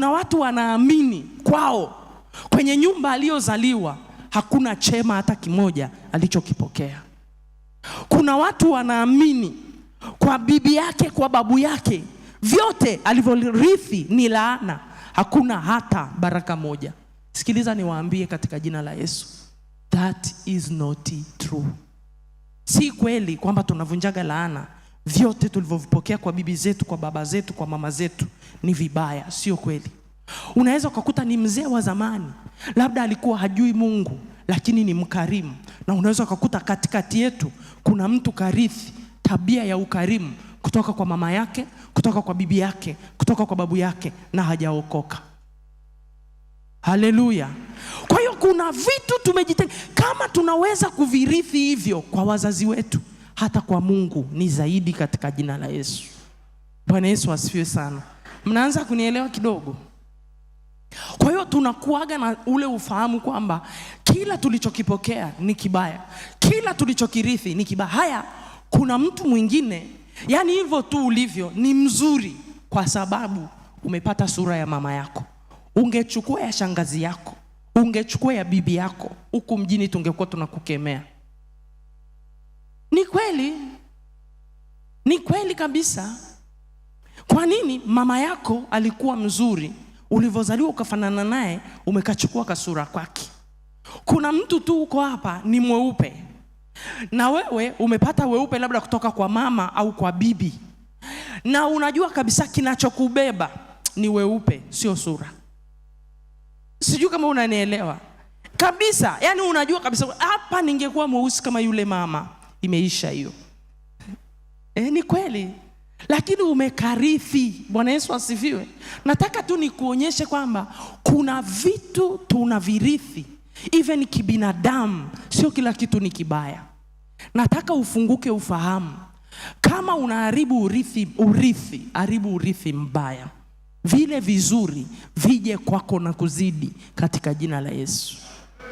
Kuna watu wanaamini kwao kwenye nyumba aliyozaliwa hakuna chema hata kimoja alichokipokea. Kuna watu wanaamini kwa bibi yake, kwa babu yake, vyote alivyorithi ni laana, hakuna hata baraka moja. Sikiliza niwaambie katika jina la Yesu, that is not true. Si kweli kwamba tunavunjaga laana vyote tulivyovipokea kwa bibi zetu, kwa baba zetu, kwa mama zetu ni vibaya, sio kweli. Unaweza ukakuta ni mzee wa zamani, labda alikuwa hajui Mungu, lakini ni mkarimu, na unaweza ukakuta katikati yetu kuna mtu karithi tabia ya ukarimu kutoka kwa mama yake, kutoka kwa bibi yake, kutoka kwa babu yake, na hajaokoka. Haleluya! Kwa hiyo kuna vitu tumejitenga, kama tunaweza kuvirithi hivyo kwa wazazi wetu hata kwa Mungu ni zaidi katika jina la Yesu. Bwana Yesu asifiwe sana. Mnaanza kunielewa kidogo? Kwa hiyo tunakuaga na ule ufahamu kwamba kila tulichokipokea ni kibaya, kila tulichokirithi ni kibaya. Haya, kuna mtu mwingine, yaani hivyo tu ulivyo ni mzuri, kwa sababu umepata sura ya mama yako. Ungechukua ya shangazi yako, ungechukua ya bibi yako, huku mjini tungekuwa tunakukemea kweli, ni kweli kabisa. Kwa nini mama yako alikuwa mzuri, ulivyozaliwa ukafanana naye, umekachukua kasura kwake? Kuna mtu tu uko hapa ni mweupe, na wewe umepata weupe labda kutoka kwa mama au kwa bibi, na unajua kabisa kinachokubeba ni weupe, sio sura. Sijui kama unanielewa kabisa, yani unajua kabisa, hapa ningekuwa mweusi kama yule mama imeisha hiyo. E, ni kweli, lakini umekarithi. Bwana Yesu asifiwe. Nataka tu nikuonyeshe kwamba kuna vitu tunavirithi even kibinadamu, sio kila kitu ni kibaya. Nataka ufunguke ufahamu, kama unaharibu urithi, urithi haribu urithi mbaya, vile vizuri vije kwako na kuzidi katika jina la Yesu.